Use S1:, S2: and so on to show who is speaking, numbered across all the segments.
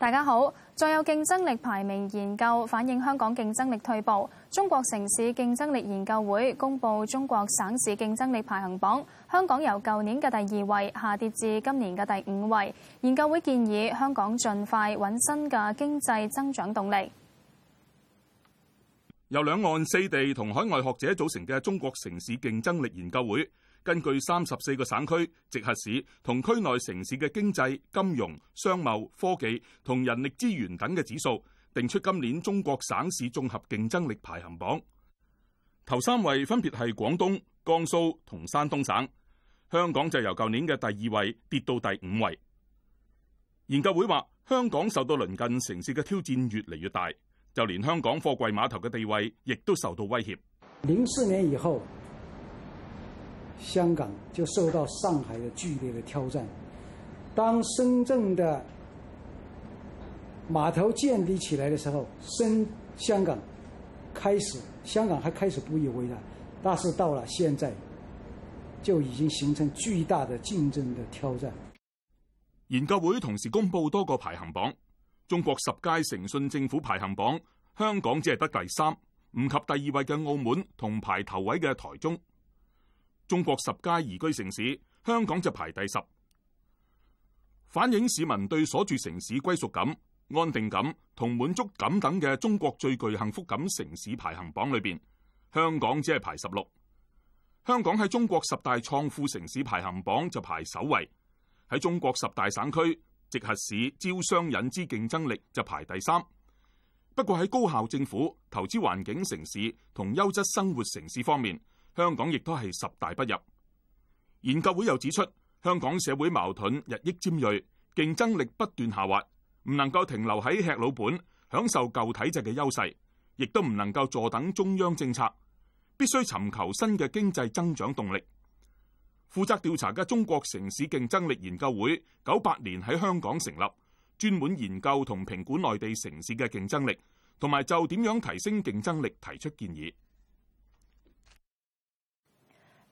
S1: 大家好，再有競爭力排名研究反映香港競爭力退步。中國城市競爭力研究會公布中國省市競爭力排行榜，香港由舊年嘅第二位下跌至今年嘅第五位。研究會建議香港盡快搵新嘅經濟增長動力。
S2: 由兩岸四地同海外學者組成嘅中國城市競爭力研究會，根據三十四個省區、直轄市同區內城市嘅經濟、金融、商貿、科技同人力資源等嘅指數，定出今年中國省市綜合競爭力排行榜。頭三位分別係廣東、江蘇同山東省。香港就由舊年嘅第二位跌到第五位。研究會話，香港受到鄰近城市嘅挑戰越嚟越大，就連香港貨櫃碼頭嘅地位亦都受到威脅。
S3: 零四年以後。香港就受到上海的劇烈的挑戰。當
S1: 深圳的碼頭建立起來的時候，深香港開始，香港還開始不以為然。但是到了現在，就已經形成巨大的競爭的挑戰。
S2: 研究會同時公布多個排行榜：中國十佳誠信政府排行榜，香港只係得第三，唔及第二位嘅澳門同排頭位嘅台中。中國十佳宜居城市，香港就排第十，反映市民對所住城市歸屬感、安定感同滿足感等嘅中國最具幸福感城市排行榜裏邊，香港只係排十六。香港喺中國十大創富城市排行榜就排首位，喺中國十大省區直轄市招商引資競爭力就排第三。不過喺高效政府、投資環境、城市同優質生活城市方面，香港亦都係十大不入。研究會又指出，香港社會矛盾日益尖銳，競爭力不斷下滑，唔能夠停留喺吃老本，享受舊體制嘅優勢，亦都唔能夠坐等中央政策，必須尋求新嘅經濟增長動力。負責調查嘅中國城市競爭力研究會九八年喺香港成立，專門研究同評估內地城市嘅競爭力，同埋就點樣提升競爭力提出建議。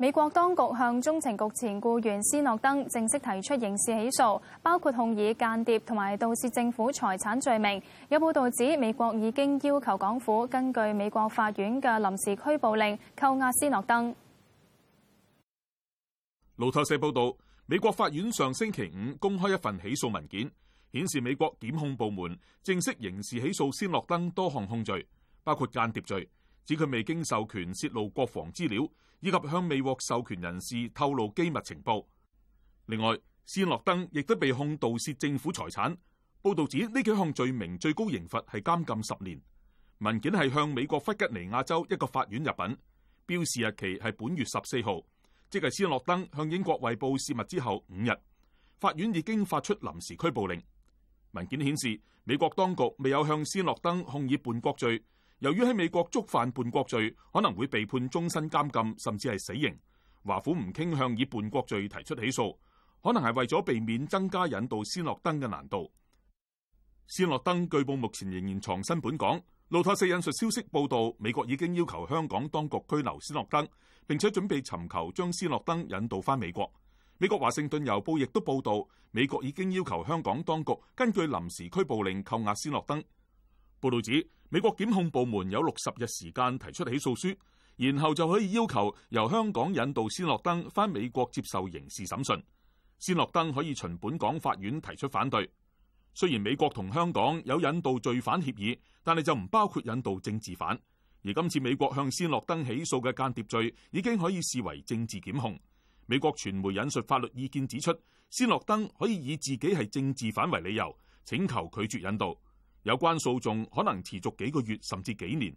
S1: 美國當局向中情局前僱員斯諾登正式提出刑事起訴，包括控以間諜同埋盜竊政府財產罪名。有報道指美國已經要求港府根據美國法院嘅臨時拘捕令扣押斯諾登。
S2: 路透社報道，美國法院上星期五公開一份起訴文件，顯示美國檢控部門正式刑事起訴斯諾登多項控罪，包括間諜罪。指佢未經授權洩露國防資料，以及向未獲授權人士透露機密情報。另外，斯諾登亦都被控盜竊政府財產。報道指呢幾項罪名最高刑罰係監禁十年。文件係向美國弗吉尼亞州一個法院入稟，標示日期係本月十四號，即係斯諾登向英國衛報洩密之後五日。法院已經發出臨時拘捕令。文件顯示，美國當局未有向斯諾登控以叛國罪。由於喺美國觸犯叛國罪，可能會被判終身監禁甚至係死刑，華府唔傾向以叛國罪提出起訴，可能係為咗避免增加引渡斯諾登嘅難度。斯諾登據報目前仍然藏身本港。路透社引述消息報道，美國已經要求香港當局拘留斯諾登，並且準備尋求將斯諾登引渡翻美國。美國華盛頓郵報亦都報導，美國已經要求香港當局根據臨時拘捕令扣押斯諾登。報道指，美國檢控部門有六十日時間提出起訴書，然後就可以要求由香港引渡斯諾登返美國接受刑事審訊。斯諾登可以循本港法院提出反對。雖然美國同香港有引渡罪犯協議，但係就唔包括引渡政治犯。而今次美國向斯諾登起訴嘅間諜罪，已經可以視為政治檢控。美國傳媒引述法律意見指出，斯諾登可以以自己係政治犯為理由，請求拒絕引渡。有關訴訟可能持續幾個月甚至幾年。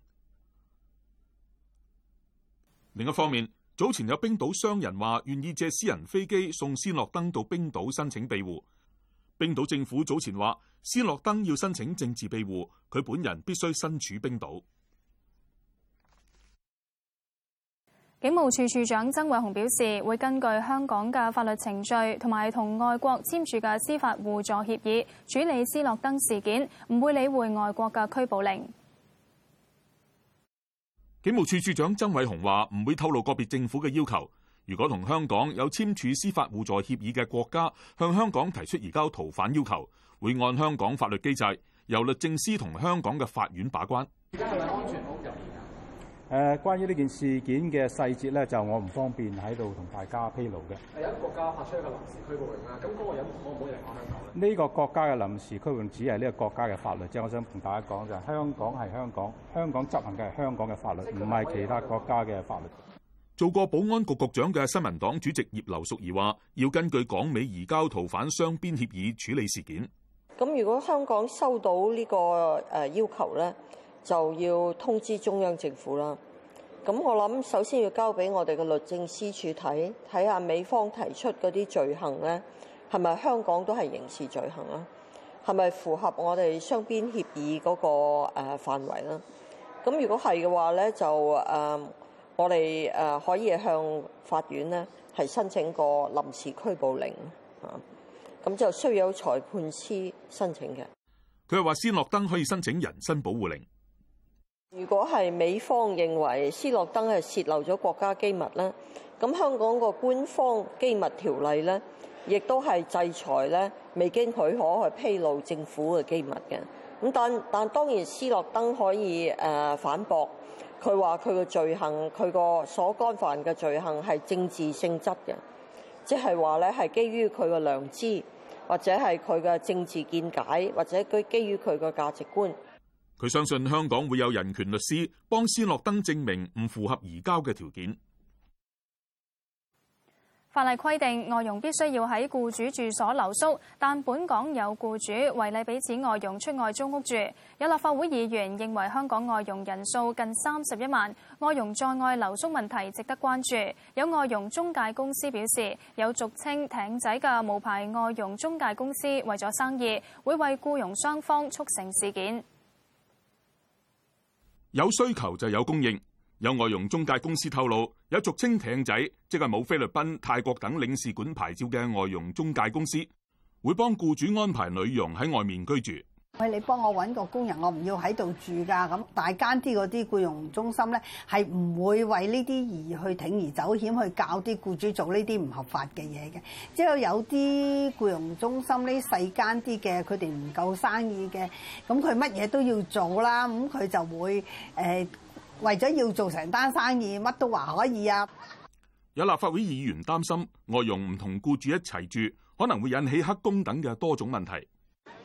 S2: 另一方面，早前有冰島商人話願意借私人飛機送斯諾登到冰島申請庇護。冰島政府早前話斯諾登要申請政治庇護，佢本人必須身處冰島。
S1: 警務處處長曾偉雄表示，會根據香港嘅法律程序，同埋同外國簽署嘅司法互助協議，處理斯諾登事件，唔會理會外國嘅拘捕令。
S2: 警務處處長曾偉雄話，唔會透露個別政府嘅要求。如果同香港有簽署司法互助協議嘅國家向香港提出移交逃犯要求，會按香港法律機制，由律政司同香港嘅法院把關。
S3: 誒，關於呢件事件嘅細節咧，就我唔方便喺度同大家披露嘅。係有一國家發
S1: 出一個臨時拘捕令啊，咁嗰個人
S3: 可
S2: 唔可以嚟香港？呢個國家嘅臨時拘捕令只係呢個國家嘅法律，即係我想同大家講就係香港係香港，香港執行嘅係香港嘅法律，唔係其他國家嘅法律。做過保安局局長嘅新民黨主席葉劉淑儀話，要根據港美移交逃犯雙邊協議處理事件。
S4: 咁如果香港收到呢個誒要求咧？就要通知中央政府啦。咁我諗，首先要交俾我哋嘅律政司處睇，睇下美方提出嗰啲罪行咧，係咪香港都係刑事罪行啊？係咪符合我哋雙邊協議嗰個誒範圍啦？咁如果係嘅話咧，就誒我哋誒可以向法院咧係申請個臨時拘捕令啊。咁就需要有裁判司申請嘅。
S2: 佢係話斯諾登可以申請人身保護令。
S4: 如果係美方認為斯諾登係洩漏咗國家機密咧，咁香港個官方機密條例咧，亦都係制裁咧未經許可去披露政府嘅機密嘅。咁但但當然斯諾登可以誒、呃、反駁，佢話佢個罪行，佢個所干犯嘅罪行係政治性質嘅，即係話咧係基於佢個良知，或者係佢嘅政治見解，或者佢基於佢嘅價值觀。
S2: 佢相信香港會有人權律師幫斯諾登證明唔符合移交嘅條件。
S1: 法例規定外傭必須要喺僱主住所留宿，但本港有僱主為你俾此外傭出外租屋住。有立法會議員認為香港外傭人數近三十一萬，外傭在外留宿問題值得關注。有外傭中介公司表示，有俗稱艇仔嘅無牌外傭中介公司為咗生意，會為僱傭雙方促成事件。
S2: 有需求就有供應，有外傭中介公司透露，有俗稱艇仔，即係冇菲律賓、泰國等領事館牌照嘅外傭中介公司，會幫僱主安排女傭喺外面居住。
S4: 你幫我搵個工人，我唔要喺度住㗎。咁大間啲嗰啲僱傭中心咧，係唔會為呢啲而去鋌而走險去教啲僱主做呢啲唔合法嘅嘢嘅。之後有啲僱傭中心呢，細間啲嘅，佢哋唔夠生意嘅，咁佢乜嘢都要做啦，咁佢就會誒為咗要做成單生意，乜都話可以啊。
S2: 有立法會議員擔心外傭唔同僱主一齊住，可能會引起黑工等嘅多種問題。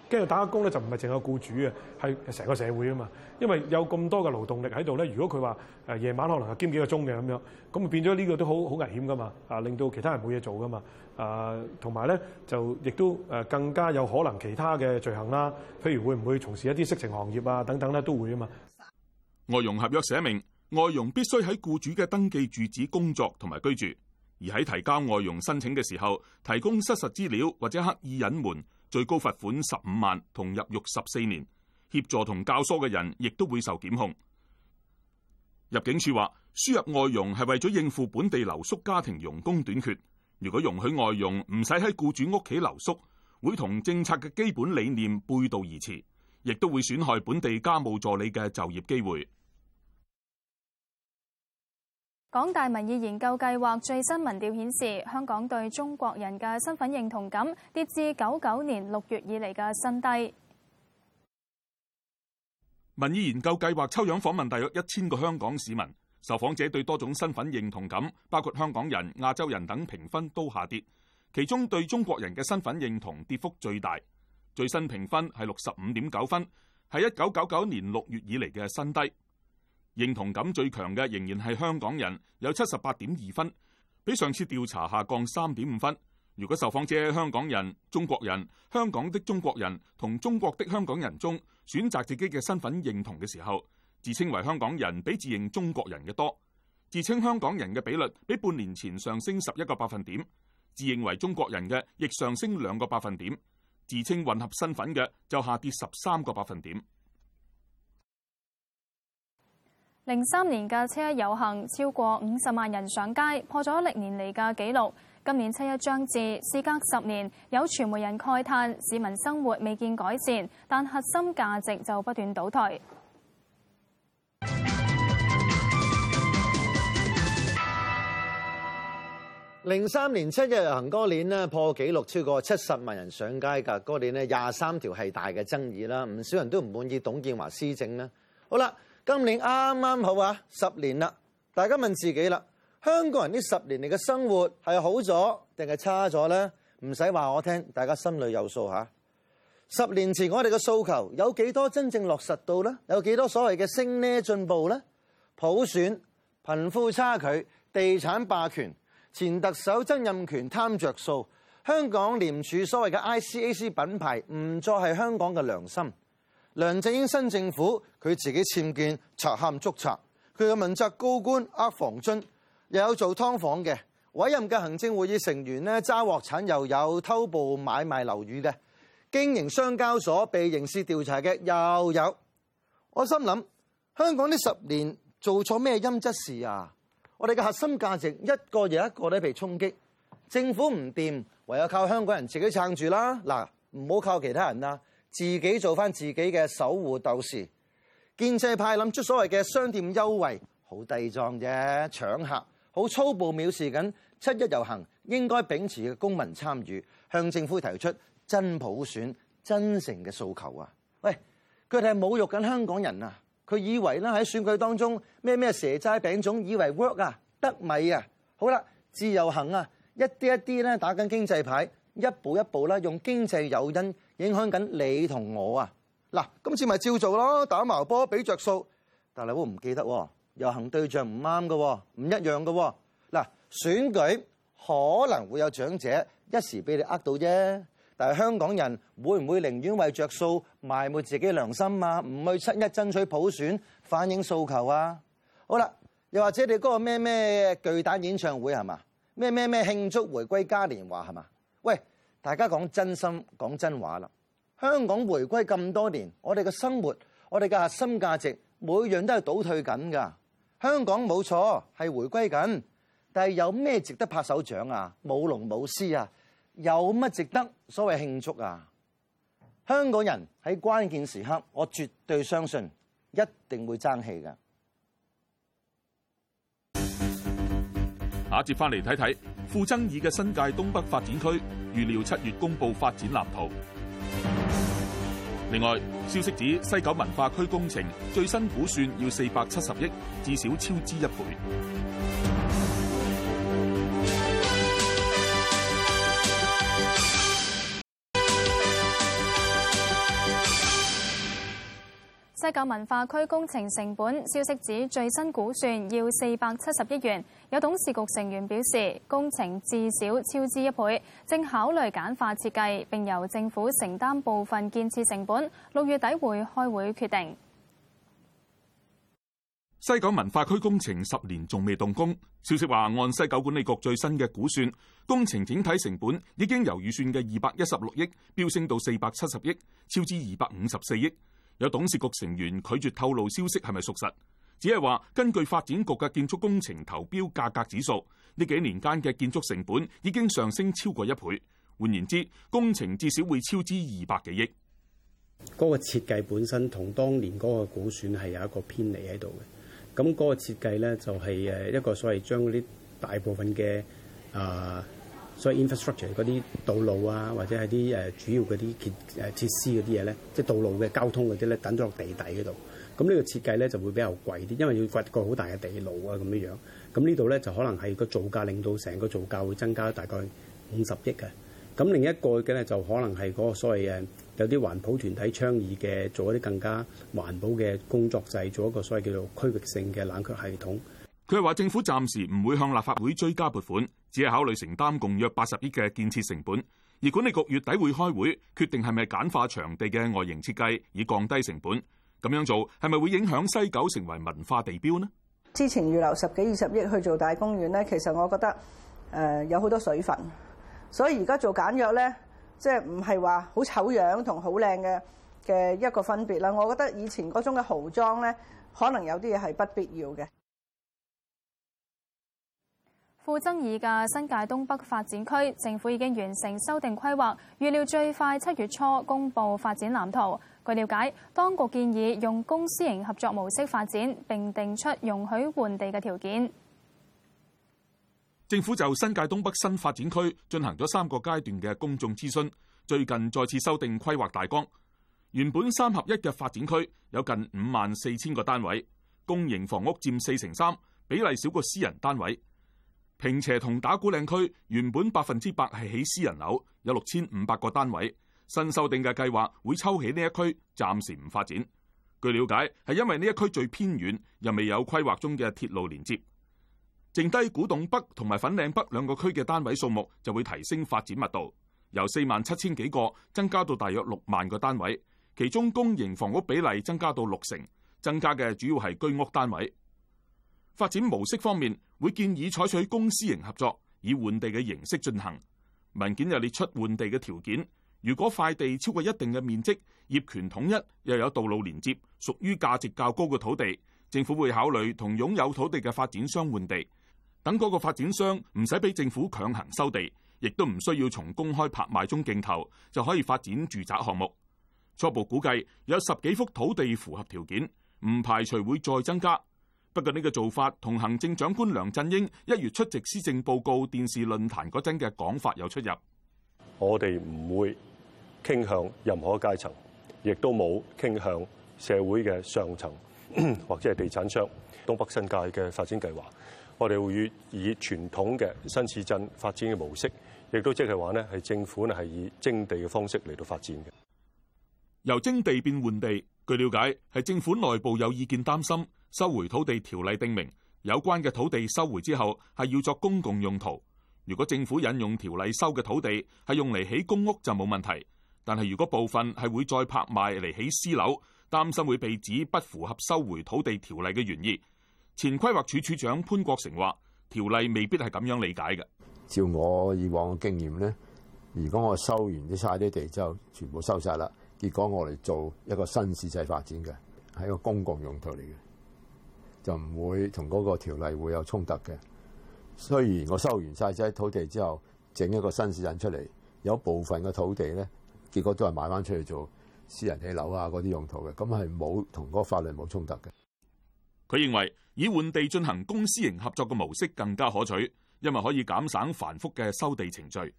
S2: 跟住打工咧就唔係淨係個僱主啊，係成個社會啊嘛。因為有咁多嘅勞動力喺度咧，如果佢話誒夜晚可能係兼幾個鐘嘅咁樣，咁就變咗呢個都好好危險噶嘛。啊，令到其他人冇嘢做噶嘛。啊，同埋咧就亦都誒更加有可能其他嘅罪行啦。譬如會唔會從事一啲色情行業啊等等咧都會啊嘛。外傭合約寫明外傭必須喺僱主嘅登記住址工作同埋居住。而喺提交外傭申請嘅時候，提供失實資料或者刻意隱瞞，最高罰款十五萬同入獄十四年，協助同教唆嘅人亦都會受檢控。入境處話，輸入外傭係為咗應付本地留宿家庭傭工短缺。如果容許外傭唔使喺僱主屋企留宿，會同政策嘅基本理念背道而馳，亦都會損害本地家務助理嘅就業機會。
S1: 港大民意研究計劃最新民調顯示，香港對中國人嘅身份認同感跌至九九年六月以嚟嘅新低。
S2: 民意研究計劃抽樣訪問大約一千個香港市民，受訪者對多種身份認同感，包括香港人、亞洲人等，評分都下跌。其中對中國人嘅身份認同跌幅最大，最新評分係六十五點九分，係一九九九年六月以嚟嘅新低。認同感最強嘅仍然係香港人，有七十八點二分，比上次調查下降三點五分。如果受訪者係香港人、中國人、香港的中國人同中國的香港人中選擇自己嘅身份認同嘅時候，自稱為香港人比自認中國人嘅多。自稱香港人嘅比率比半年前上升十一個百分點，自認為中國人嘅亦上升兩個百分點。自稱混合身份嘅就下跌十三個百分點。
S1: 零三年嘅七一遊行超過五十萬人上街，破咗歷年嚟嘅紀錄。今年七一將至，事隔十年，有傳媒人慨嘆市民生活未見改善，但核心價值就不斷倒退。
S3: 零三年七一遊行嗰年咧，破紀錄，超過七十萬人上街噶。嗰年咧，廿三條係大嘅爭議啦，唔少人都唔滿意董建華施政啦。好啦。今年啱啱好啊，十年啦！大家問自己啦，香港人呢十年嚟嘅生活係好咗定係差咗咧？唔使話我聽，大家心裏有數吓。十年前我哋嘅訴求有幾多真正落實到咧？有幾多所謂嘅升呢進步咧？普選、貧富差距、地產霸權、前特首曾蔭權貪著數、香港廉署所謂嘅 ICAC 品牌唔再係香港嘅良心。梁振英新政府，佢自己僭建、賊喊、捉賊，佢嘅問責高官呃房津，又有做劏房嘅委任嘅行政會議成員咧，揸鑊鏟又有偷步、買賣樓宇嘅經營商交所被刑事調查嘅又有。我心諗香港呢十年做錯咩陰質事啊？我哋嘅核心價值一個又一個都被衝擊，政府唔掂，唯有靠香港人自己撐住啦！嗱，唔好靠其他人啊！自己做翻自己嘅守護鬥士，建制派諗出所謂嘅商店優惠，好低壯啫，搶客，好粗暴，藐視緊七一遊行應該秉持嘅公民參與，向政府提出真普選、真誠嘅訴求啊！喂，佢哋係侮辱緊香港人啊！佢以為呢喺選舉當中咩咩蛇齋餅種，以為 work 啊，得米啊！好啦，自由行啊，一啲一啲咧打緊經濟牌，一步一步啦用經濟誘因。影響緊你同我啊！嗱，今次咪照做咯，打麻波俾着數。但係我唔記得遊行對象唔啱嘅，唔一樣嘅。嗱，選舉可能會有長者一時俾你呃到啫。但係香港人會唔會寧願為着數埋沒自己良心啊？唔去七一爭取普選反映訴求啊？好啦，又或者你嗰個咩咩巨蛋演唱會係嘛？咩咩咩慶祝回歸嘉年華係嘛？喂！大家講真心講真話啦！香港回歸咁多年，我哋嘅生活，我哋嘅核心價值，每樣都係倒退緊噶。香港冇錯係回歸緊，但係有咩值得拍手掌啊？舞龍舞獅啊！有乜值得所謂慶祝啊？香港人喺關鍵時刻，我絕對相信一定會爭氣㗎。下
S2: 一節翻嚟睇睇。富爭議嘅新界東北發展區預料七月公佈發展藍圖。另外，消息指西九文化區工程最新估算要四百七十億，至少超支一倍。
S1: 西九文化區工程成本，消息指最新估算要四百七十億元。有董事局成員表示，工程至少超支一倍，正考慮簡化設計並由政府承擔部分建設成本。六月底會開會決定。
S2: 西九文化區工程十年仲未動工，消息話按西九管理局最新嘅估算，工程整體成本已經由預算嘅二百一十六億飆升到四百七十億，超支二百五十四億。有董事局成員拒絕透露消息係咪屬實，只係話根據發展局嘅建築工程投標價格指數，呢幾年間嘅建築成本已經上升超過一倍。換言之，工程至少會超支二百幾億。
S3: 嗰個設計本身同當年嗰個估算係有一個偏離喺度嘅。咁嗰個設計咧就係誒一個所謂將嗰啲大部分嘅啊。所、so、以 infrastructure 嗰啲道路啊，或者係啲誒主要嗰啲建誒設施嗰啲嘢咧，即係道路嘅交通嗰啲咧，等咗落地底嗰度。咁呢個設計咧就會比較貴啲，因為要掘個好大嘅地牢啊咁樣樣，咁呢度咧就可能係個造價令到成個造價會增加大概五十億嘅。咁另一個嘅咧就可能係嗰個所謂誒有啲環保團體倡議嘅，做一啲更加環保嘅工作制，就是、做一個
S2: 所謂叫做區域性嘅冷
S3: 卻系統。
S2: 佢係話，政府暫時唔會向立法會追加撥款，只係考慮承擔共約八十億嘅建設成本。而管理局月底會開會決定係咪簡化場地嘅外形設計，以降低成本。咁樣做係咪會影響西九成為文化地標呢？
S4: 之前預留十幾二十億去做大公園呢，其實我覺得誒有好多水分，所以而家做簡約呢，即係唔係話好醜樣同好靚嘅嘅一個分別啦。我覺得以前嗰種嘅豪裝呢，可能有啲嘢係不必要嘅。
S1: 富爭議嘅新界東北發展區，政府已經完成修訂規劃，預料最快七月初公布發展藍圖。據了解，當局建議用公私營合作模式發展，並定出容許換地嘅條件。
S2: 政府就新界東北新發展區進行咗三個階段嘅公眾諮詢，最近再次修訂規劃大綱。原本三合一嘅發展區有近五萬四千個單位，公營房屋佔四成三，比例少過私人單位。平輋同打鼓嶺區原本百分之百係起私人樓，有六千五百個單位。新修訂嘅計劃會抽起呢一區，暫時唔發展。據了解，係因為呢一區最偏遠，又未有規劃中嘅鐵路連接。剩低古洞北同埋粉嶺北兩個區嘅單位數目就會提升發展密度，由四萬七千幾個增加到大約六萬個單位，其中公營房屋比例增加到六成，增加嘅主要係居屋單位。發展模式方面，會建議採取公私營合作，以換地嘅形式進行。文件又列出換地嘅條件，如果塊地超過一定嘅面積，業權統一，又有道路連接，屬於價值較高嘅土地，政府會考慮同擁有土地嘅發展商換地，等嗰個發展商唔使俾政府強行收地，亦都唔需要從公開拍賣中競投，就可以發展住宅項目。初步估計有十幾幅土地符合條件，唔排除會再增加。不過呢個做法同行政長官梁振英一月出席施政報告電視論壇嗰陣嘅講法有出入。我哋唔會傾
S3: 向任何階層，亦都冇傾向社會嘅上層或者係地產商。東北新界嘅發展計劃，我哋會以傳統嘅新市鎮發展嘅模式，亦都即係話咧，係政府係以徵地嘅方式嚟到發展
S2: 嘅。由徵地變換地，據了解係政府內部有意見，擔心收回土地條例定名有關嘅土地收回之後係要作公共用途。如果政府引用條例收嘅土地係用嚟起公屋就冇問題，但係如果部分係會再拍賣嚟起私樓，擔心會被指不符合收回土地條例嘅原意。前規劃署署長潘國成話：條例未必係咁樣理解嘅。
S3: 照我以往嘅經驗咧，如果我收完啲晒啲地之後，全部收晒啦。結果我嚟做一個新市鎮發展嘅，係一個公共用途嚟嘅，就唔會同嗰個條例會有衝突嘅。雖然我收完晒曬土地之後，整一個新市鎮出嚟，有部分嘅土地咧，結果都係賣翻出去做私人起樓啊嗰啲用途嘅，咁係冇同嗰個法律冇衝突嘅。
S2: 佢認為以換地進行公私營合作嘅模式更加可取，因為可以減省繁複嘅收地程序。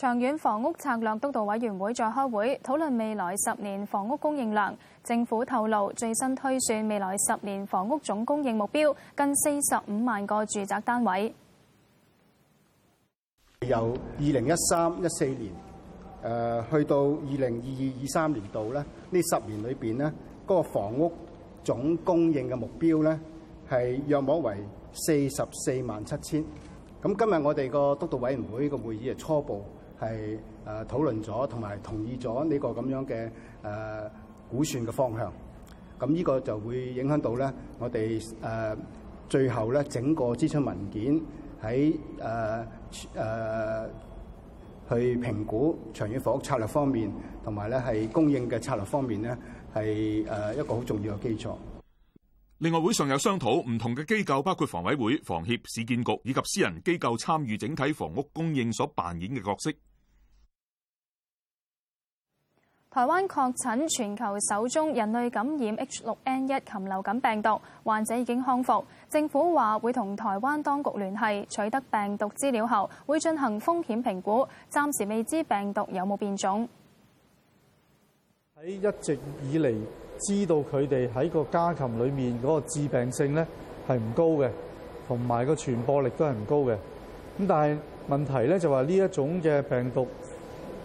S1: 長遠房屋策略督導委員會再開會討論未來十年房屋供應量。政府透露最新推算，未來十年房屋總供應目標近四十五萬個住宅單位。
S3: 由二零一三一四年，誒去到二零二二二三年度咧，呢十年裏邊咧，嗰個房屋總供應嘅目標咧係約摸為四十四萬七千。咁今日我哋個督導委員會個會議係初步。係誒、啊、討論咗，同埋同意咗呢個咁樣嘅誒、啊、估算嘅方向。咁呢個就會影響到咧，我哋誒、啊、最後咧整個諮詢文件喺誒誒去評估長遠房屋策略方面，同埋咧係供應嘅策略方面咧係誒一個好重要嘅基礎。
S2: 另外，會上有商討唔同嘅機構，包括房委會、房協、市建局以及私人機構參與整體房屋供應所扮演嘅角色。
S1: 台灣確診全球首宗人類感染 H6N1 禽流感病毒，患者已經康復。政府話會同台灣當局聯繫，取得病毒資料後會進行風險評估。暫時未知病毒有冇變種。
S2: 喺一直以嚟，
S3: 知道佢哋喺個家禽裏面嗰個致病性呢係唔高嘅，同埋個傳播力都係唔高嘅。咁但係問題咧就話呢一種嘅病毒。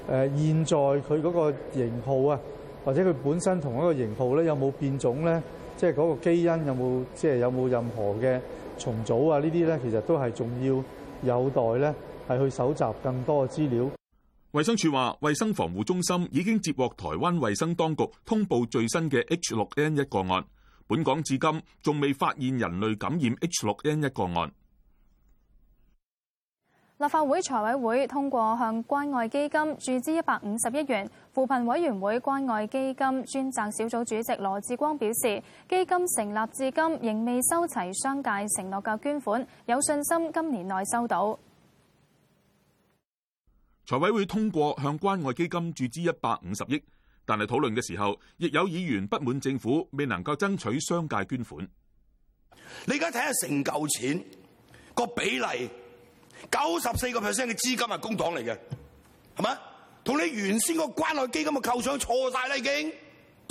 S3: 誒現在佢嗰個型號啊，或者佢本身同一個型號咧有冇變種咧？即係嗰個基因有冇即係有冇、即係、任何嘅重組
S2: 啊？呢啲咧其實都係重要，有待咧係去搜集更多嘅資料。衛生署話，衛生防護中心已經接獲台灣衛生當局通報最新嘅 H 六 N 一個案，本港至今仲未發現人類感染 H 六 N 一個案。
S1: 立法會財委會通過向關愛基金注資一百五十億元。扶貧委員會關愛基金專責小組主席羅致光表示，基金成立至今仍未收齊商界承諾嘅捐款，有信心今年內收到。
S2: 財委會通過向關愛基金注資一百五十億，但係討論嘅時候，亦有議員不滿政府未能夠爭取商界捐款。
S3: 你而家睇下成嚿錢個比例。九十四個 percent 嘅資金係工黨嚟嘅，係咪？同你原先個關愛基金嘅構想錯晒啦！已經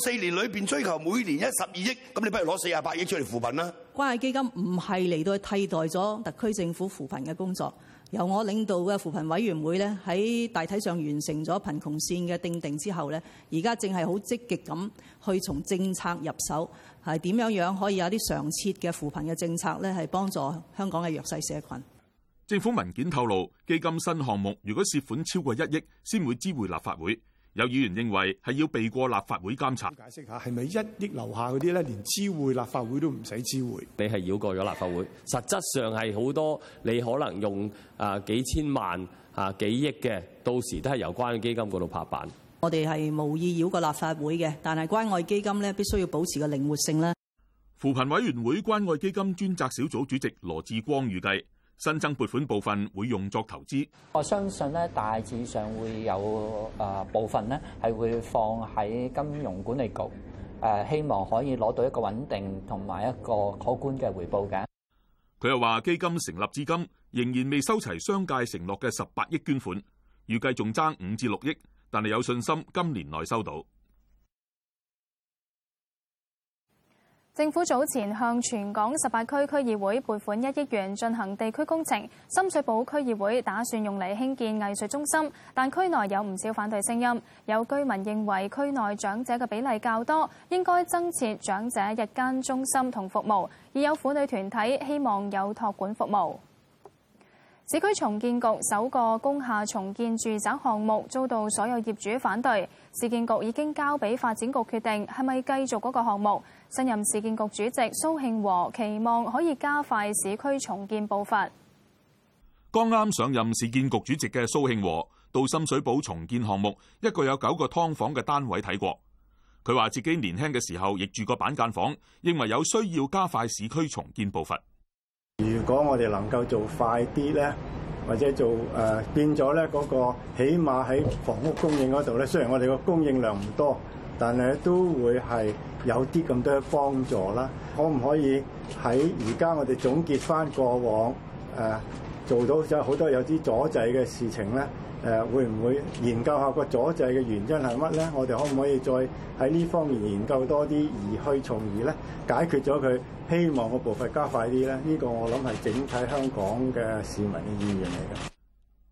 S3: 四年裏邊追求每年一十二億，咁你不如攞四十八億出嚟扶貧啦。
S4: 關愛基金唔係嚟到去替代咗特區政府扶貧嘅工作，由我領導嘅扶貧委員會咧，喺大體上完成咗貧窮線嘅定定之後咧，而家正係好積極咁去從
S1: 政策入手，係點樣樣可以有啲常設嘅扶貧嘅政策咧，係幫助香港嘅弱勢社群。
S2: 政府文件透露，基金新項目如果涉款超過一億先會知會立法會。有議員認為係要避過立法會監察。解釋下係咪一
S3: 億樓下嗰啲咧，連知會立法會都唔使知會？你係繞過咗立法會，實質上係好多你可能用啊幾千萬啊幾億嘅，到時
S2: 都係由關愛基金嗰度拍板。
S4: 我哋係無意繞過立法會嘅，但係關愛基金咧
S2: 必須要保持個靈活性咧。扶貧委員會關愛基金專責小組主席羅志光預計。新增撥款部分會用作投資，我相信咧大致上
S3: 會有誒部分咧係會放喺金融管理局，誒希望可以攞到一個穩定同埋一個可觀嘅回報嘅。
S2: 佢又話基金成立至今仍然未收齊商界承諾嘅十八億捐款，預計仲爭五至六億，但係有信心今年內收到。
S1: 政府早前向全港十八區區議會撥款一億元進行地區工程，深水埗區議會打算用嚟興建藝術中心，但區內有唔少反對聲音。有居民認為區內長者嘅比例較多，應該增設長者日間中心同服務，而有婦女團體希望有托管服務。市區重建局首個工廈重建住宅項目遭到所有業主反對，市建局已經交俾發展局決定係咪繼續嗰個項目。新任市建局主席蘇慶和期望可以加快市區重建步伐。
S2: 剛啱上任市建局主席嘅蘇慶和到深水埗重建項目，一個有九個劏房嘅單位睇過，佢話自己年輕嘅時候亦住過板間房，認為有需要加快市區重建步伐。
S1: 如
S3: 果我哋能夠做快啲咧，或者做誒、呃、變咗咧、嗰個，嗰個起碼喺房屋供應嗰度咧，雖然我哋個供應量唔多，但係都會係有啲咁多幫助啦。可唔可以喺而家我哋總結翻過往誒、呃、做到有好多有啲阻滯嘅事情咧？誒會唔會研究下個阻滯嘅原因係乜咧？我哋可唔可以再喺呢方面研究多啲，而去從而咧解決咗佢？希望個步伐加快啲咧。呢、這個我諗係整體香港嘅市民嘅意願嚟嘅。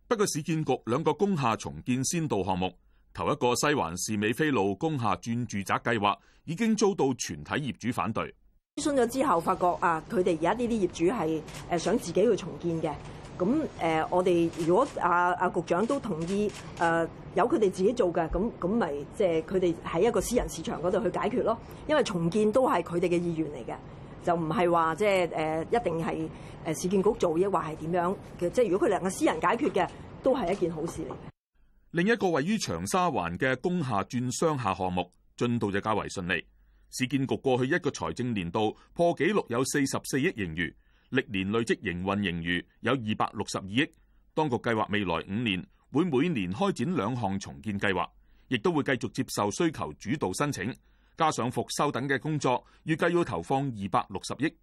S2: 不過市建局兩個工廈重建先導項目，頭一個西環士美菲路工廈轉住宅計劃已經遭到全體業主反對。
S4: 諮詢咗之後，發覺啊，佢哋而家呢啲業主係誒想自己去重建嘅。咁誒，我哋如果阿、啊、阿、啊、局長都同意誒由佢哋自己做嘅，咁咁咪即係佢哋喺一個私人市場嗰度去解決咯。因為重建都係佢哋嘅意願嚟嘅，就唔係話即係誒一定係誒市建局做嘢，或係點樣嘅，即係如果佢能夠私人解決嘅，都係一件好事嚟嘅。
S2: 另一個位於長沙灣嘅工廈轉商廈項目進度就較為順利。市建局過去一個財政年度破紀錄有四十四億盈餘。歷年累積營運盈餘有二百六十二億，當局計劃未來五年會每年開展兩項重建計劃，亦都會繼續接受需求主導申請，加上復修等嘅工作，預計要投放二百六十億。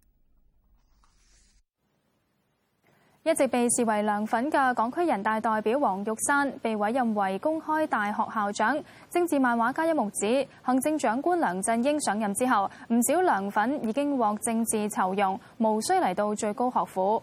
S1: 一直被視為梁粉嘅港區人大代表黃玉山被委任為公開大學校長，政治漫畫家一木指行政長官梁振英上任之後，唔少梁粉已經獲政治酬庸，無需嚟到最高學府。